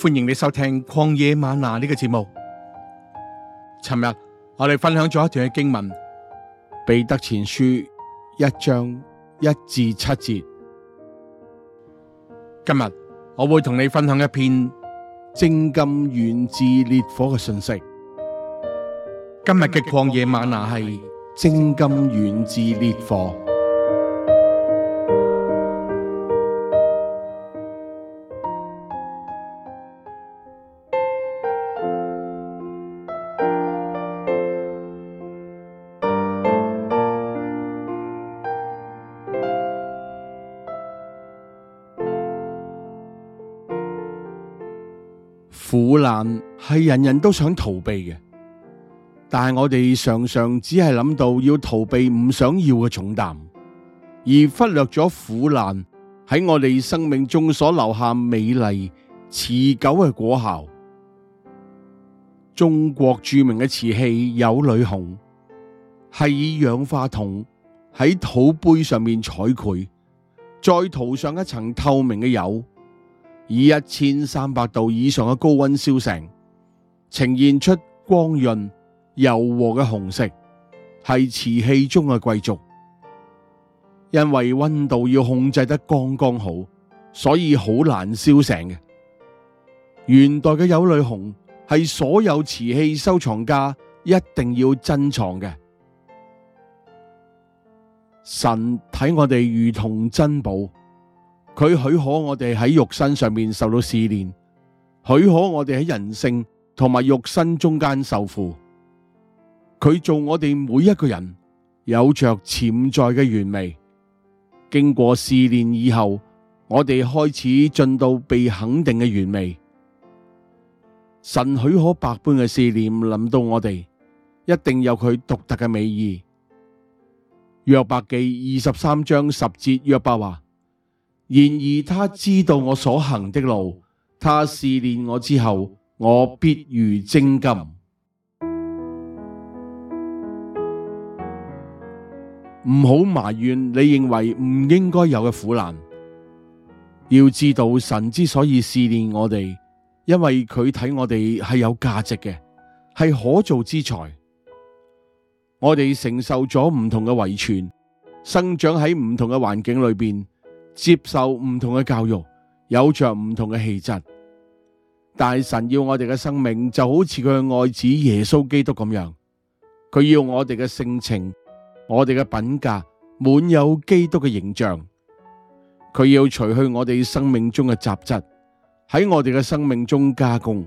歡迎你收聽《曠野嗎哪》呢個節目。尋日我哋分享咗一段嘅經文《彼得前書》一章一至七節。今日我會同你分享一篇精金源自烈火嘅信息。今日嘅曠野嗎哪係精金源自烈火。但係人人都想逃避嘅，但係我哋常常只係諗到要逃避唔想要嘅重擔，而忽略咗苦難喺我哋生命中所留下美麗持久嘅果效。中國著名嘅瓷器釉裡紅，係以氧化銅喺土杯上面彩繪，再塗上一層透明嘅油。以一千三百度以上嘅高溫燒成，呈現出光潤、柔和嘅紅色，係瓷器中嘅貴族。因為溫度要控制得剛剛好，所以好難燒成嘅。元代嘅釉裡紅，係所有瓷器收藏家一定要珍藏嘅。神睇我哋如同珍寶。佢許可我哋喺肉身上面受到試煉，許可我哋喺人性同埋肉身中間受苦。佢做我哋每一個人有着潛在嘅原味。經過試煉以後，我哋開始進到被肯定嘅原味。神許可百般嘅試煉臨到我哋，一定有佢獨特嘅美意。約伯記二十三章十節，約伯話。然而他知道我所行的路，他試煉我之後，我必如精金。唔好埋怨你認為唔應該有嘅苦難，要知道神之所以試煉我哋，因為佢睇我哋係有價值嘅，係可造之材。我哋承受咗唔同嘅遺傳，生長喺唔同嘅環境裏邊。接受唔同嘅教育，有着唔同嘅氣質。但神要我哋嘅生命就好似佢嘅愛子耶穌基督咁樣，佢要我哋嘅性情、我哋嘅品格滿有基督嘅形象。佢要除去我哋生命中嘅雜質，喺我哋嘅生命中加工。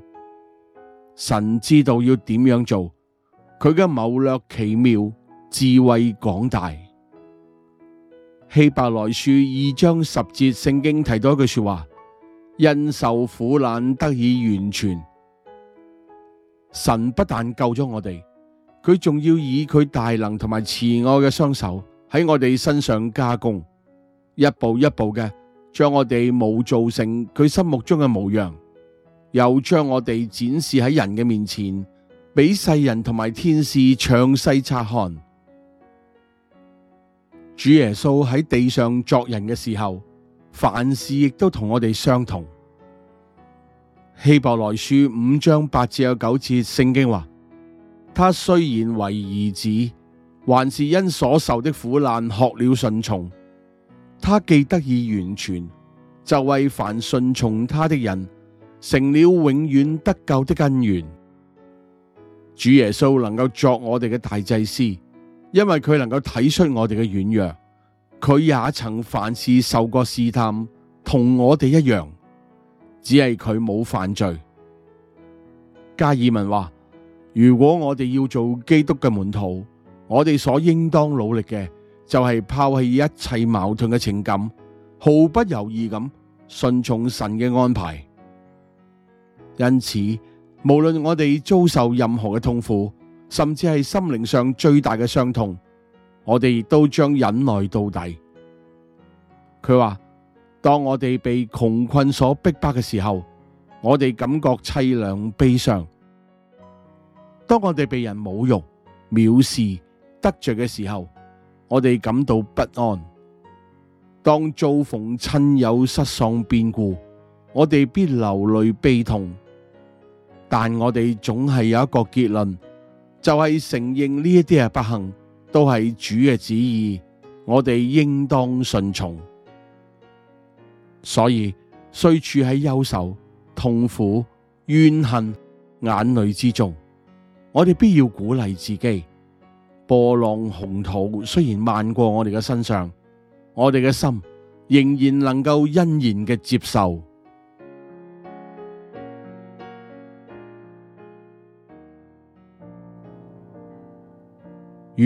神知道要點樣做，佢嘅謀略奇妙，智慧廣大。希伯來書二章十節，聖經提到一句說話：「因受苦難得以完全。神不但救咗我哋，佢仲要以佢大能同埋慈愛嘅雙手喺我哋身上加工，一步一步嘅將我哋模造成佢心目中嘅模樣，又將我哋展示喺人嘅面前，俾世人同埋天使詳細察看。」主耶穌喺地上作人嘅時候，凡事亦都同我哋相同。希伯來書五章八至有九節聖經話：他雖然為兒子，還是因所受的苦難學了順從。他既得以完全，就為凡順從他的人，成了永遠得救的根源。主耶穌能夠作我哋嘅大祭司。因為佢能夠睇出我哋嘅軟弱，佢也曾凡事受過試探，同我哋一樣，只係佢冇犯罪。加爾文話：如果我哋要做基督嘅門徒，我哋所應當努力嘅就係拋棄一切矛盾嘅情感，毫不猶豫咁順從神嘅安排。因此，無論我哋遭受任何嘅痛苦。甚至係心靈上最大嘅傷痛，我哋亦都將忍耐到底。佢話：當我哋被窮困所逼迫嘅時候，我哋感覺淒涼悲傷；當我哋被人侮辱、藐視、得罪嘅時候，我哋感到不安；當遭逢親友失喪變故，我哋必流淚悲痛。但我哋總係有一個結論。就係承認呢一啲係不幸，都係主嘅旨意，我哋應當順從。所以，雖處喺憂愁、痛苦、怨恨、眼淚之中，我哋必要鼓勵自己。波浪洪濤雖然漫過我哋嘅身上，我哋嘅心仍然能夠欣然嘅接受。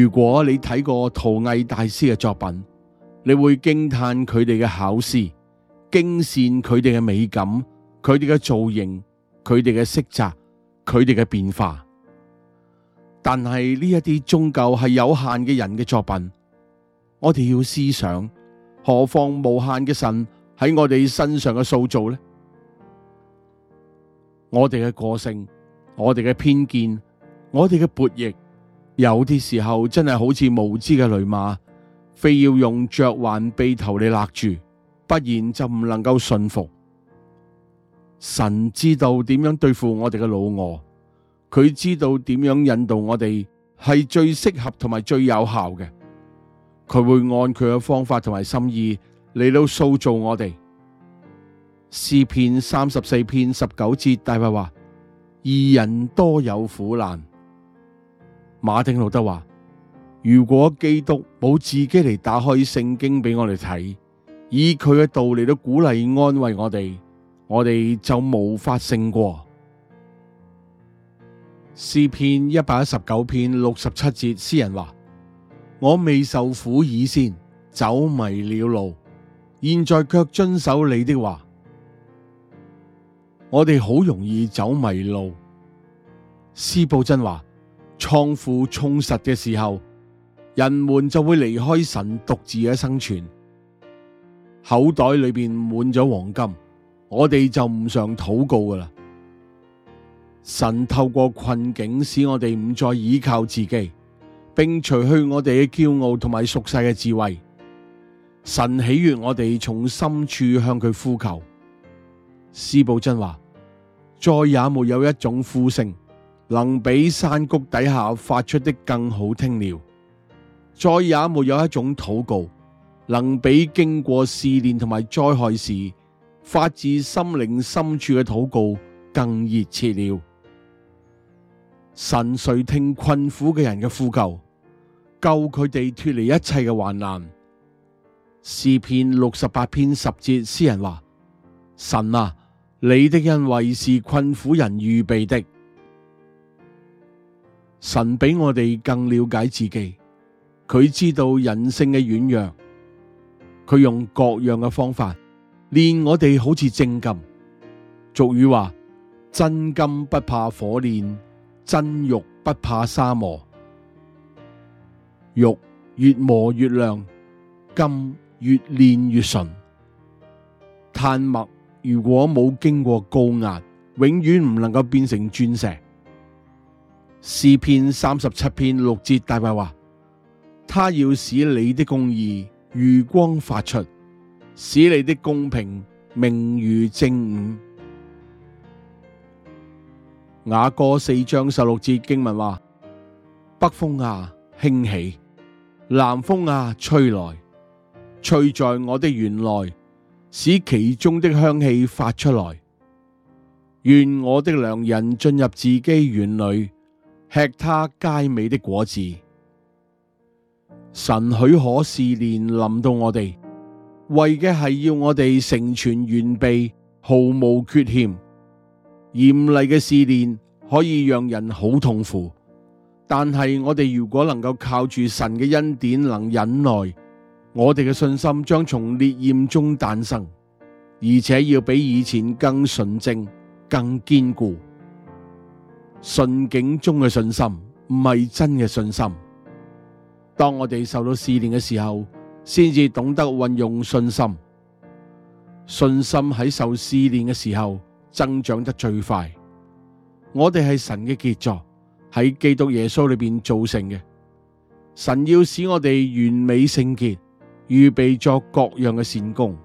如果你睇過陶藝大師嘅作品，你會驚嘆佢哋嘅巧思、驚羨佢哋嘅美感、佢哋嘅造型、佢哋嘅色澤、佢哋嘅變化。但係呢一啲終究係有限嘅人嘅作品，我哋要思想，何況無限嘅神喺我哋身上嘅塑造呢？我哋嘅個性、我哋嘅偏見、我哋嘅薄弱。有啲時候真係好似無知嘅騾馬，非要用嚼環轡頭嚟勒住，不然就唔能夠信服。神知道點樣對付我哋嘅老我，佢知道點樣引導我哋係最適合同埋最有效嘅。佢會按佢嘅方法同埋心意嚟到塑造我哋。詩篇三十四篇十九節大衛話：義人多有苦難。馬丁路德話：如果基督冇自己嚟打開聖經俾我哋睇，以佢嘅道理都鼓勵安慰我哋，我哋就無法勝過。詩篇一百一十九篇六十七節，詩人話：我未受苦以先，走迷了路，現在卻遵守你的話。我哋好容易走迷路。司布真話。倉庫充實嘅時候，人們就會離開神，獨自嘅生存。口袋裏邊滿咗黃金，我哋就唔想禱告噶啦。神透過困境，使我哋唔再依靠自己，並除去我哋嘅驕傲同埋俗世嘅智慧。神喜悅我哋從深處向佢呼求。司布真話，再也沒有一種呼聲，能比山谷底下發出的更好聽了，再也沒有一種禱告能比經過試煉同埋災害時發自心靈深處嘅禱告更熱切了。神垂聽困苦嘅人嘅呼救，救佢哋脱離一切嘅患難。詩篇六十八篇十節詩人話：神啊，你的恩惠是困苦人預備的。神比我哋更了解自己，佢知道人性嘅軟弱，佢用各樣嘅方法練我哋好似精金。俗語話：真金不怕火煉，真玉不怕砂磨，玉越磨越亮，金越練越純。碳墨如果冇經過高壓，永遠唔能夠變成鑽石。詩篇三十七篇六節大白話，他要使你的公義如光發出，使你的公平明如正午。雅歌四章十六節經文話：北風啊，興起；南風啊，吹來，吹在我的園內，使其中的香氣發出來。願我的良人進入自己園裏。吃他佳美的果子，神許可試煉臨到我哋，為嘅係要我哋成全完備，毫無缺欠。嚴厲嘅試煉可以讓人好痛苦，但係我哋如果能夠靠住神嘅恩典，能忍耐，我哋嘅信心將從烈焰中誕生，而且要比以前更純正、更堅固。順境中嘅信心唔係真嘅信心。當我哋受到試煉嘅時候，先至懂得運用信心。信心喺受試煉嘅時候增長得最快。我哋係神嘅傑作，喺基督耶穌裏面造成嘅。神要使我哋完美聖潔，預備作各樣嘅善功。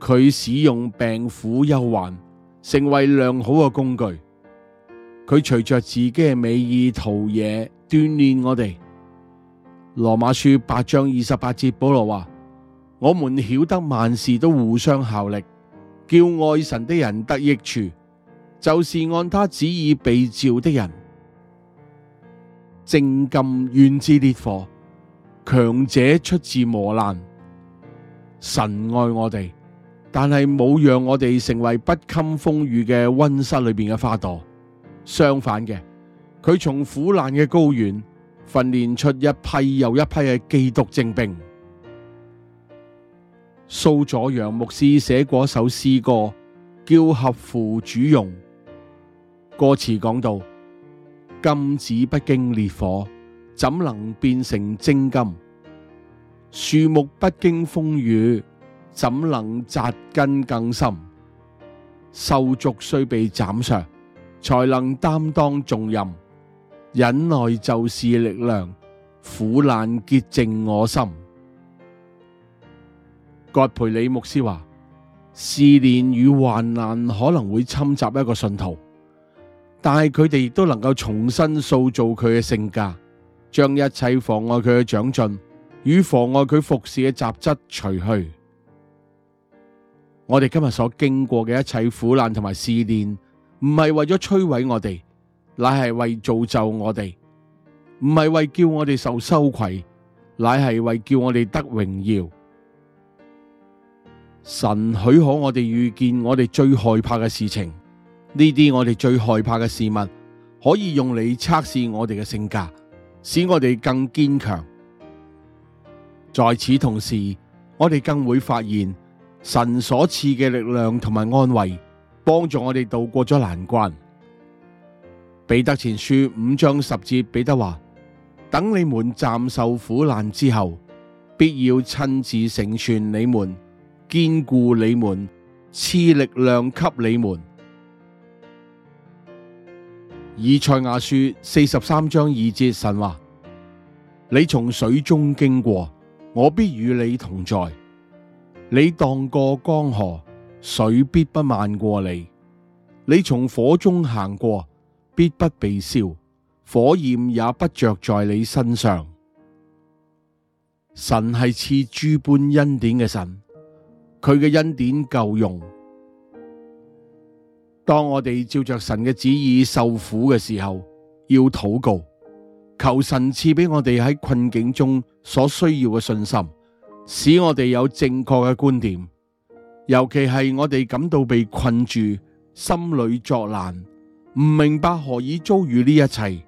佢使用病苦憂患，成為良好嘅工具。佢隨着自己嘅美意陶冶鍛煉我哋。羅馬書八章二十八節保羅話：我們曉得萬事都互相效力，叫愛神的人得益處，就是按他旨意被召的人。精金源自烈火，強者出自磨難。神愛我哋，但係冇讓我哋成為不堪風雨嘅温室裏邊嘅花朵。相反嘅，佢從苦難嘅高原訓練出一批又一批嘅基督精兵。蘇佐揚牧師寫過首詩歌，叫《合乎主用》。歌詞講到：金子不經烈火，怎能變成精金？樹木不經風雨，怎能扎根更深？手足雖被斬削，才能擔當重任，忍耐就是力量。苦難潔淨我心。葛培里牧師話：試煉與患難可能會侵襲一個信徒，但係佢哋亦都能夠重新塑造佢嘅性格，將一切妨礙佢嘅長進與妨礙佢服侍嘅雜質除去。我哋今日所經過嘅一切苦難同埋試煉。唔係為咗摧毀我哋，乃係為造就我哋；唔係為叫我哋受羞愧，乃係為叫我哋得榮耀。神許可我哋遇見我哋最害怕嘅事情，呢啲我哋最害怕嘅事物，可以用嚟測試我哋嘅性格，使我哋更堅強。在此同時，我哋更會發現神所賜嘅力量同埋安慰。幫助我哋渡過咗難關。彼得前書五章十節，彼得話：等你們暫受苦難之後，必要親自成全你們，堅固你們，賜力量給你們。以賽亞書四十三章二節，神話：你從水中經過，我必與你同在；你蕩過江河。水必不漫過你，你從火中行過，必不被燒；火焰也不着在你身上。神係賜諸般恩典嘅神，佢嘅恩典夠用。當我哋照着神嘅旨意受苦嘅時候，要禱告，求神賜俾我哋喺困境中所需要嘅信心，使我哋有正確嘅觀點。尤其係我哋感到被困住、心裏作難、唔明白何以遭遇呢一切，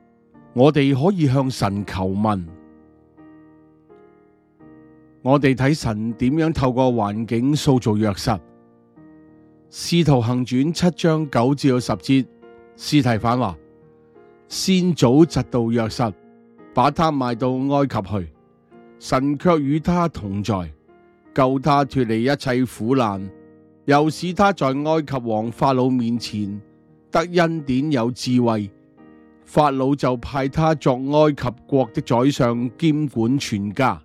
我哋可以向神求問。我哋睇神點樣透過環境塑造約瑟。使徒行傳七章九至到十節，司提反話，先祖嫉妒約瑟，把他賣到埃及去，神卻與他同在，救他脫離一切苦難，又使他在埃及王法老面前得恩典，有智慧。法老就派他作埃及國的宰相，兼管全家。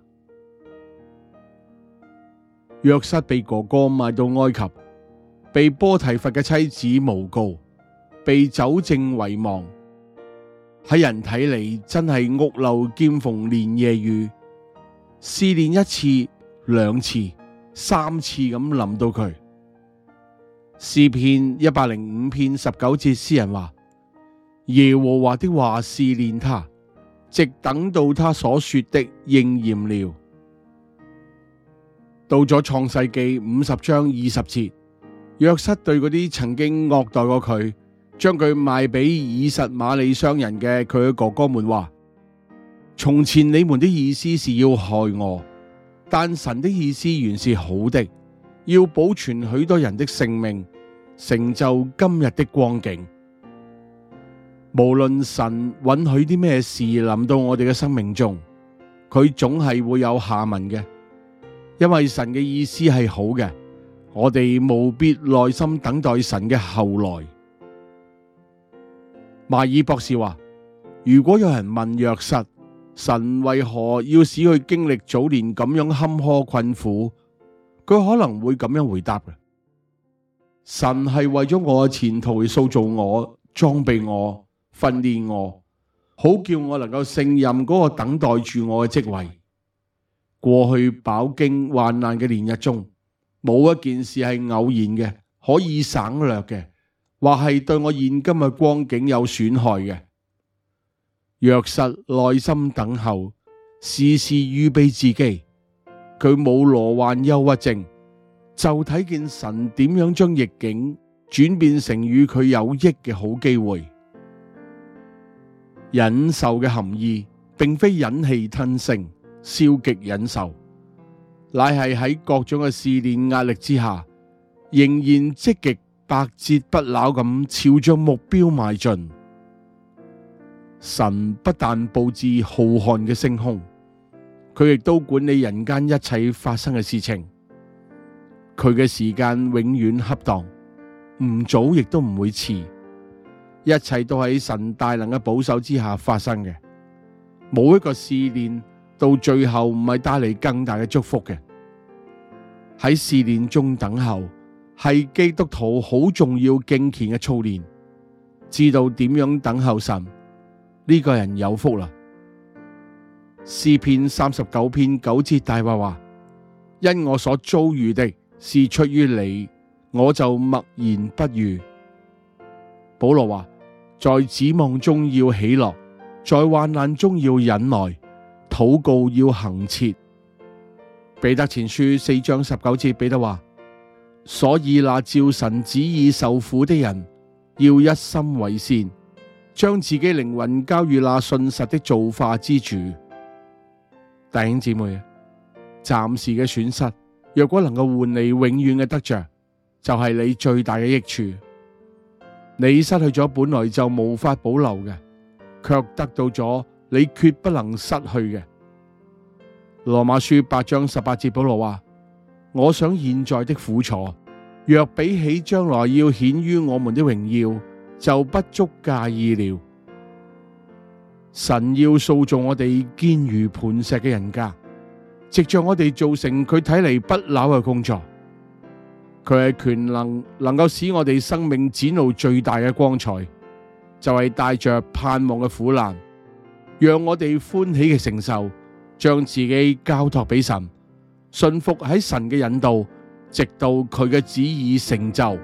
約瑟被哥哥賣到埃及，被波提乏嘅妻子誣告，被酒政遺忘。喺人睇嚟真係屋漏兼逢連夜雨，試煉一次。兩次、三次咁諗到佢，詩篇一百零五篇十九節，詩人話：耶和華的話試煉他，直等到他所說的應驗了。到咗創世紀五十章二十節，約瑟對嗰啲曾經惡待過佢、將佢賣俾以實瑪利商人嘅佢嘅哥哥們話：從前你們的意思是要害我。但神的意思原是好的，要保存許多人的性命，成就今日的光景。無論神允許啲咩事臨到我哋嘅生命中，佢總係會有下文嘅，因為神嘅意思係好嘅。我哋務必耐心等待神嘅後來。邁爾博士話：如果有人問約瑟。神為何要使佢經歷早年咁樣坎坷困苦？佢可能會咁樣回答：神係為咗我嘅前途去塑造我、裝備我、訓練我，好叫我能夠勝任嗰個等待住我嘅職位。過去飽經患難嘅年日中，冇一件事係偶然嘅、可以省略嘅、或係對我現今嘅光景有損害嘅。若實耐心等候，事事預備自己。佢冇罹患憂鬱症，就睇見神點樣將逆境轉變成與佢有益嘅好機會。忍受嘅含義，並非忍氣吞聲、消極忍受，乃係喺各種嘅試煉、壓力之下，仍然積極、百折不撓咁朝着目標邁進。神不但佈置浩瀚嘅星空，佢亦都管理人間一切發生嘅事情。佢嘅時間永遠恰當，唔早亦都唔會遲，一切都喺神大能嘅保守之下發生嘅。冇一個試煉到最後唔係帶嚟更大嘅祝福嘅。喺試煉中等候，係基督徒好重要敬虔嘅操練，知道點樣等候神。呢個人有福啦！詩篇三十九篇九節大衛話：，因我所遭遇的是出於你，我就默然不語。保羅話：在指望中要喜樂，在患難中要忍耐，禱告要恒切。彼得前書四章十九節，彼得話：所以那照神旨意受苦的人，要一心為善。將自己靈魂交予那信實的造化之主，弟兄姊妹，暫時嘅損失，若果能夠換你永遠嘅得着，就係、是、你最大嘅益處。你失去咗本來就無法保留嘅，卻得到咗你決不能失去嘅。羅馬書八章十八節保羅話：我想現在的苦楚，若比起將來要顯於我們的榮耀。就不足介意了。神要塑造我哋堅如磐石嘅人格，藉著我哋做成佢睇嚟，不朽嘅工作。佢係權能，能夠使我哋生命展露最大嘅光彩。就係帶着盼望嘅苦難，讓我哋歡喜嘅承受，將自己交託俾神，信服喺神嘅引導，直到佢嘅旨意成就。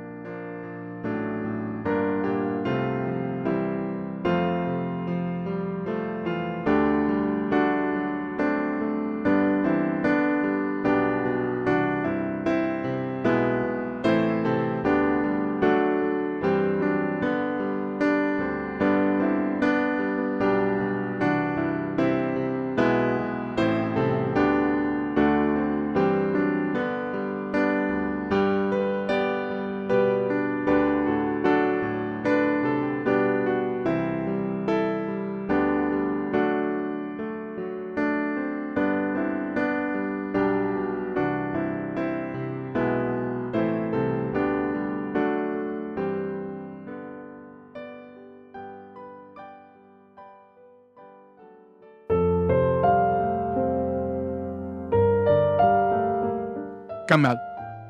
今日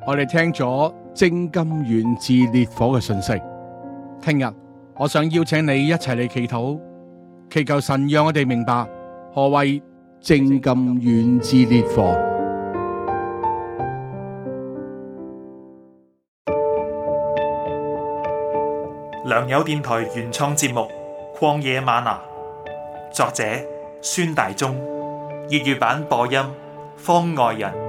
我哋聽咗精金源自烈火嘅信息，聽日我想邀請你一齊嚟祈禱，祈求神讓我哋明白何謂精金源自烈火。良友電台原創節目《曠野嗎哪》，作者孫大中，粵語版播音方外人。